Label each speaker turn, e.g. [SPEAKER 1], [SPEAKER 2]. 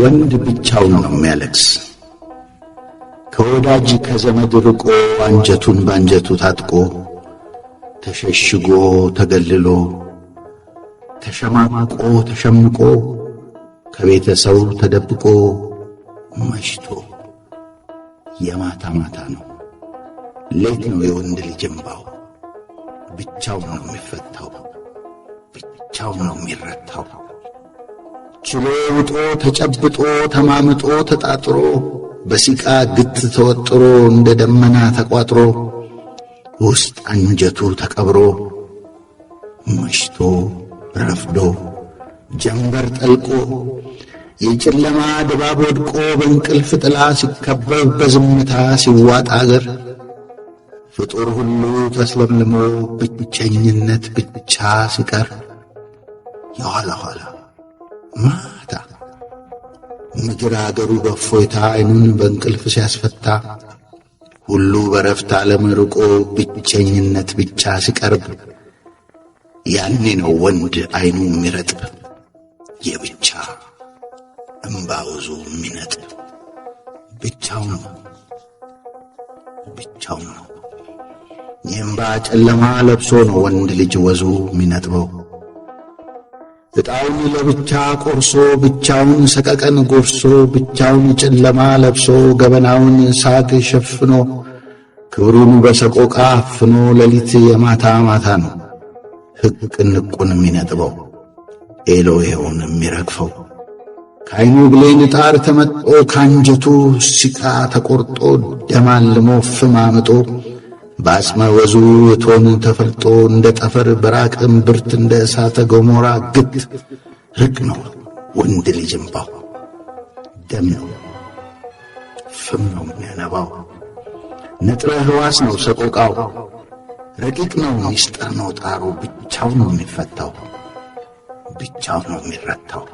[SPEAKER 1] ወንድ ብቻው ነው የሚያለቅስ። ከወዳጅ ከዘመድ ርቆ አንጀቱን ባንጀቱ ታጥቆ ተሸሽጎ ተገልሎ ተሸማማቆ ተሸምቆ ከቤተሰቡ ተደብቆ መሽቶ የማታ ማታ ነው ሌት ነው የወንድ ልጅ እምባው። ብቻው ነው የሚፈታው፣ ብቻው ነው የሚረታው። ተስሎ ውጦ ተጨብጦ ተማምጦ ተጣጥሮ በሲቃ ግት ተወጥሮ እንደ ደመና ተቋጥሮ ውስጥ አንጀቱ ተቀብሮ መሽቶ ረፍዶ ጀንበር ጠልቆ የጨለማ ድባብ ወድቆ በእንቅልፍ ጥላ ሲከበብ በዝምታ ሲዋጥ አገር ፍጡር ሁሉ ተስለምልሞ ብቸኝነት ብቻ ሲቀር የኋላ ኋላ ማታ ምድር አገሩ በእፎይታ አይኑን በእንቅልፍ ሲያስፈታ ሁሉ በረፍት ዓለም ርቆ ብቸኝነት ብቻ ሲቀርብ ያኔ ነው ወንድ አይኑ የሚረጥብ የብቻ እምባውዙ የሚነጥብ ብቻው ነው ብቻው ነው የእምባ ጨለማ ለብሶ ነው ወንድ ልጅ ወዙ የሚነጥበው። ዕጣውን ለብቻ ቆርሶ ብቻውን ሰቀቀን ጎርሶ ብቻውን ጨለማ ለብሶ ገበናውን ሳግ ሸፍኖ ክብሩን በሰቆቃ አፍኖ ሌሊት የማታ ማታ ነው ሕቅንቁን የሚነጥበው ኤሎሄውን የሚረግፈው ከዓይኑ ብሌን ጣር ተመጦ ካንጀቱ ሲቃ ተቆርጦ ፍም ፍማምጦ በአጽመ ወዙ እቶኑ ተፈልጦ እንደ ጠፈር በራቅም ብርት እንደ እሳተ ገሞራ ግት ርቅ ነው ወንድ ልጅ እምባው ደም ነው ፍም ነው የሚያነባው ነጥረ ሕዋስ ነው ሰቆቃው ረቂቅ ነው ሚስጥር ነው ጣሩ ብቻው ነው የሚፈታው ብቻው ነው የሚረታው